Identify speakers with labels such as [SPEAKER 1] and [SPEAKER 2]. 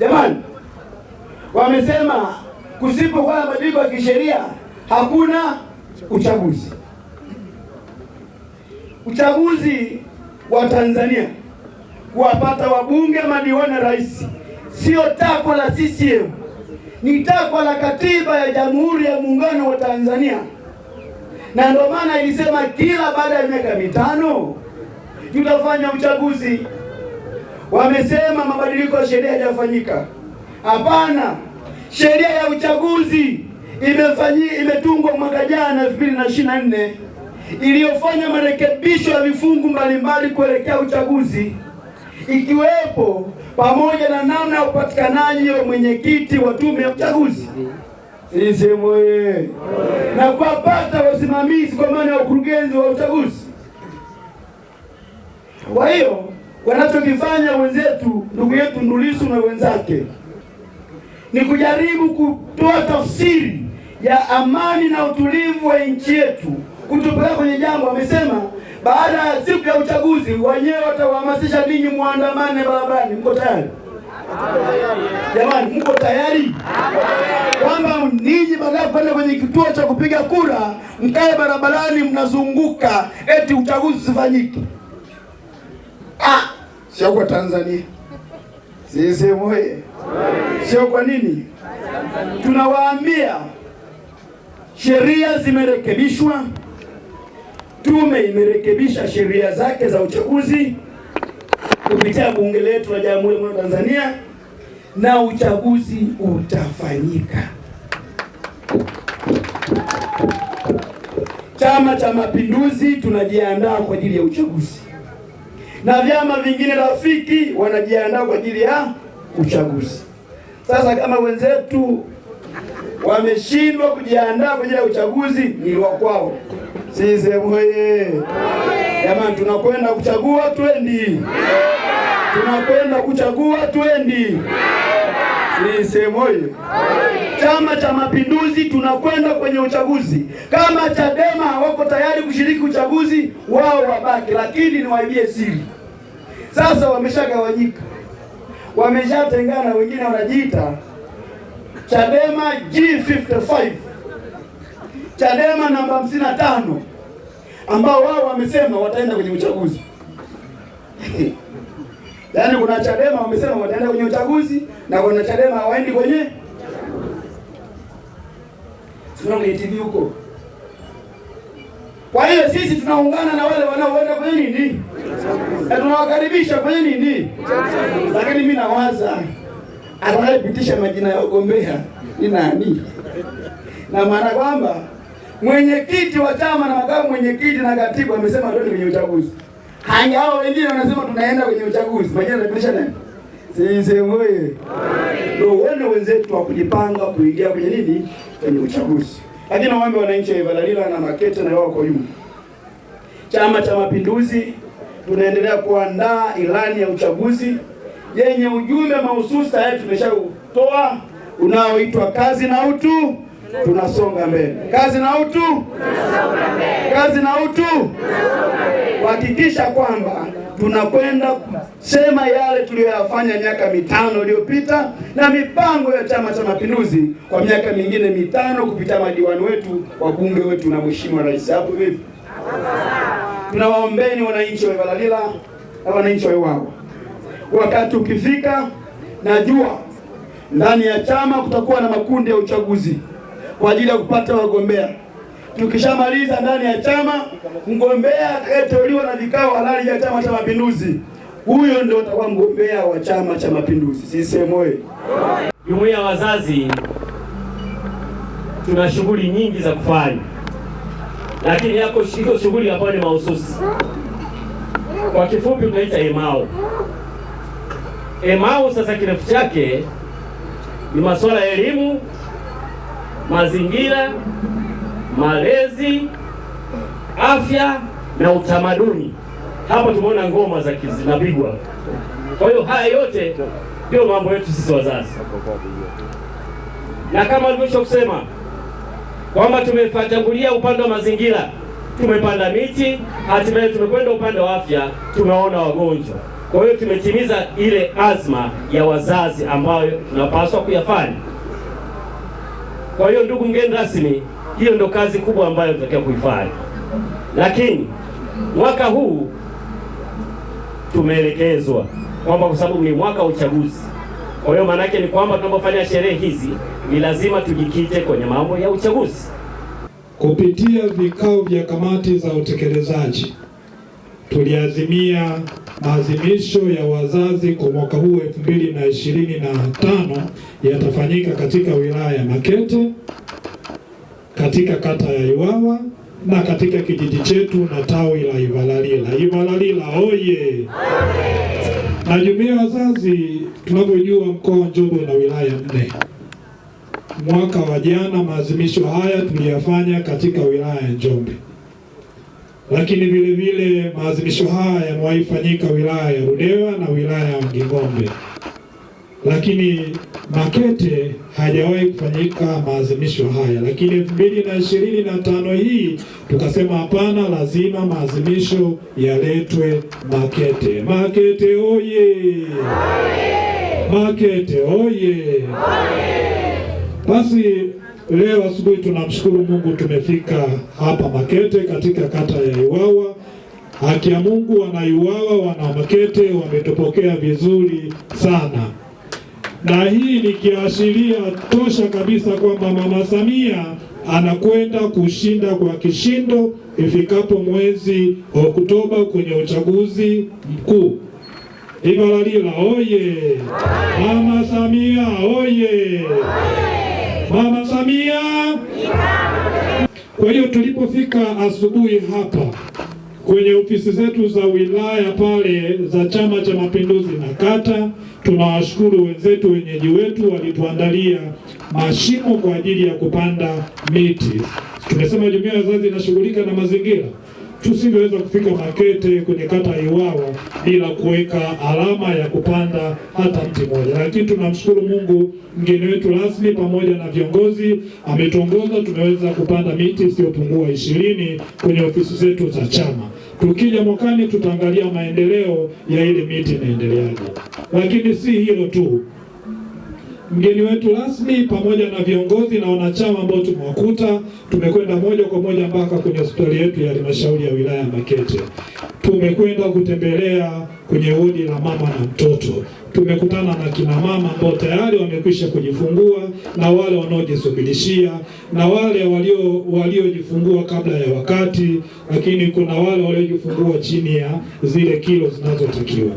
[SPEAKER 1] Jamani, wamesema kusipokuwa na mabadiliko ya kisheria hakuna uchaguzi. Uchaguzi wa Tanzania kuwapata wabunge, madiwani na rais sio takwa la CCM, ni takwa la katiba ya Jamhuri ya Muungano wa Tanzania, na ndio maana ilisema kila baada ya miaka mitano tutafanya uchaguzi wamesema mabadiliko ya sheria hayajafanyika. Hapana, sheria ya uchaguzi imefanyi imetungwa mwaka jana 2024 iliyofanya marekebisho ya vifungu mbalimbali kuelekea uchaguzi ikiwepo pamoja na namna ya upatikanaji wa mwenyekiti wa tume ya uchaguzi isemoye na kuwapata wasimamizi kwa maana ya ukurugenzi wa uchaguzi. Kwa hiyo wanachokifanya wenzetu, ndugu yetu ndulisu na wenzake ni kujaribu kutoa tafsiri ya amani na utulivu wa nchi yetu kutupeleka kwenye jambo. Amesema baada ya siku ya uchaguzi wenyewe watawahamasisha ninyi muandamane barabarani. Mko tayari jamani? Mko tayari kwamba ninyi baada ya kwenda kwenye kituo cha kupiga kura mkae barabarani mnazunguka eti uchaguzi usifanyike? sio kwa Tanzania. Sisi moye sio kwa nini? Tunawaambia sheria zimerekebishwa, tume imerekebisha sheria zake za uchaguzi kupitia bunge letu la Jamhuri ya Muungano wa Tanzania na uchaguzi utafanyika. Chama cha Mapinduzi tunajiandaa kwa ajili ya uchaguzi na vyama vingine rafiki wanajiandaa kwa ajili ya uchaguzi. Sasa kama wenzetu wameshindwa kujiandaa kwa ajili ya uchaguzi, ni wa kwao. Sisi moye jamani, tunakwenda kuchagua, twendi, tunakwenda kuchagua, twendi Sisemuoye Chama cha Mapinduzi, tunakwenda kwenye uchaguzi. Kama Chadema hawako tayari kushiriki uchaguzi, wao wabaki, lakini niwaibie siri sasa wameshagawanyika, wameshatengana, wengine wanajiita Chadema G55, Chadema namba hamsini tano, ambao wao wamesema wataenda kwenye uchaguzi yaani kuna Chadema wamesema wataenda kwenye uchaguzi na kuna Chadema hawaendi kwenye, siona kwenye TV huko. Kwa hiyo sisi tunaungana na wale wanaoenda kwenye nini na tunawakaribisha kwenye nini, lakini mimi nawaza atakayepitisha majina ya ugombea ni nani? Na maana kwamba mwenyekiti wa chama na makamu mwenyekiti na katibu amesema ndio kwenye uchaguzi. Haya, hao wengine wanasema tunaenda kwenye uchaguzi, majina yanapitisha nani? Sisi moye ndio wene wenzetu wa kujipanga kuingia kwenye nini, kwenye uchaguzi. Lakini nawaambia wananchi wa Ivalalila na Makete na wao kwa jumla, Chama cha Mapinduzi tunaendelea kuandaa ilani ya uchaguzi yenye ujumbe mahususi tayari tumeshautoa unaoitwa kazi na utu, tunasonga mbele. Kazi na utu,
[SPEAKER 2] tunasonga mbele.
[SPEAKER 1] Kazi na utu, tunasonga mbele, kuhakikisha kwamba tunakwenda kusema yale tuliyoyafanya miaka mitano iliyopita na mipango ya Chama cha Mapinduzi kwa miaka mingine mitano kupitia madiwani wetu, wabunge wetu na mheshimiwa rais. Hapo hivi Tunawaombeni wananchi wa Ivalalila na wananchi wa Iwawa, wakati ukifika, najua ndani ya chama kutakuwa na makundi ya uchaguzi kwa ajili ya kupata wagombea Tukishamaliza ndani ya chama, mgombea atakayeteuliwa na vikao halali vya Chama cha Mapinduzi, huyo ndio atakuwa mgombea wa Chama cha Mapinduzi. CCM oyee!
[SPEAKER 3] Jumuiya ya wazazi tuna shughuli nyingi za kufanya, lakini yako hizo shughuli ambayo ni mahususi, kwa kifupi tunaita EMAO. EMAO sasa kirefu chake ni masuala ya elimu, mazingira malezi, afya na utamaduni. Hapo tumeona ngoma za zinapigwa. Kwa hiyo haya yote ndio mambo yetu sisi wazazi, na kama alivyoisha kusema kwamba tumefatangulia upande wa mazingira, tumepanda miti, hatimaye tumekwenda upande wa afya, tumeona wagonjwa. Kwa hiyo tumetimiza ile azma ya wazazi ambayo tunapaswa kuyafanya. Kwa hiyo ndugu mgeni rasmi, hiyo ndo kazi kubwa ambayo tunatakiwa kuifanya, lakini mwaka huu tumeelekezwa kwamba kwa sababu ni mwaka wa uchaguzi, kwa hiyo maana yake ni kwamba tunapofanya sherehe hizi ni lazima tujikite kwenye mambo ya uchaguzi
[SPEAKER 4] kupitia vikao vya kamati za utekelezaji tuliazimia maazimisho ya wazazi kwa mwaka huu elfu mbili na ishirini na tano yatafanyika katika wilaya ya Makete, katika kata ya Iwawa na katika kijiji chetu na tawi la Ivalalila. Ivalalila oye! Na jumuiya wazazi, tunavyojua mkoa wa Njombe na wilaya nne. Mwaka wa jana maazimisho haya tuliyafanya katika wilaya ya Njombe lakini vile vile maadhimisho haya yamewaifanyika wilaya ya Ludewa na wilaya ya Mging'ombe, lakini Makete hajawahi kufanyika maadhimisho haya, lakini elfu mbili na ishirini na tano hii tukasema hapana, lazima maadhimisho yaletwe Makete. Makete oye! Makete oye! Basi Leo asubuhi tunamshukuru Mungu tumefika hapa Makete katika kata ya Iwawa. Haki ya Mungu, wana Iwawa, wana Makete wametupokea vizuri sana, na hii ni kiashiria tosha kabisa kwamba Mama Samia anakwenda kushinda kwa kishindo ifikapo mwezi Oktoba kwenye uchaguzi mkuu. Ivalalila oye! Mama Samia oye! Mama Samia. Kwa hiyo tulipofika asubuhi hapa kwenye ofisi zetu za wilaya pale za Chama cha Mapinduzi na kata, tunawashukuru wenzetu wenyeji wetu walituandalia mashimo kwa ajili ya kupanda miti. Tumesema jumuiya ya wazazi inashughulika na mazingira tusingeweza kufika Makete kwenye kata ya Iwawa bila kuweka alama ya kupanda hata mti mmoja. Lakini tunamshukuru Mungu, mgeni wetu rasmi pamoja na viongozi ametuongoza, tumeweza kupanda miti isiyopungua ishirini kwenye ofisi zetu za chama. Tukija mwakani, tutaangalia maendeleo ya ile miti inaendeleaje, lakini si hilo tu mgeni wetu rasmi pamoja na viongozi na wanachama ambao tumewakuta, tumekwenda moja kwa moja mpaka kwenye hospitali yetu ya halmashauri ya wilaya ya Makete. Tumekwenda kutembelea kwenye wodi la mama na mtoto, tumekutana na kina mama ambao tayari wamekwisha kujifungua na wale wanaojisubirishia na wale walio waliojifungua kabla ya wakati, lakini kuna wale waliojifungua chini ya zile kilo zinazotakiwa.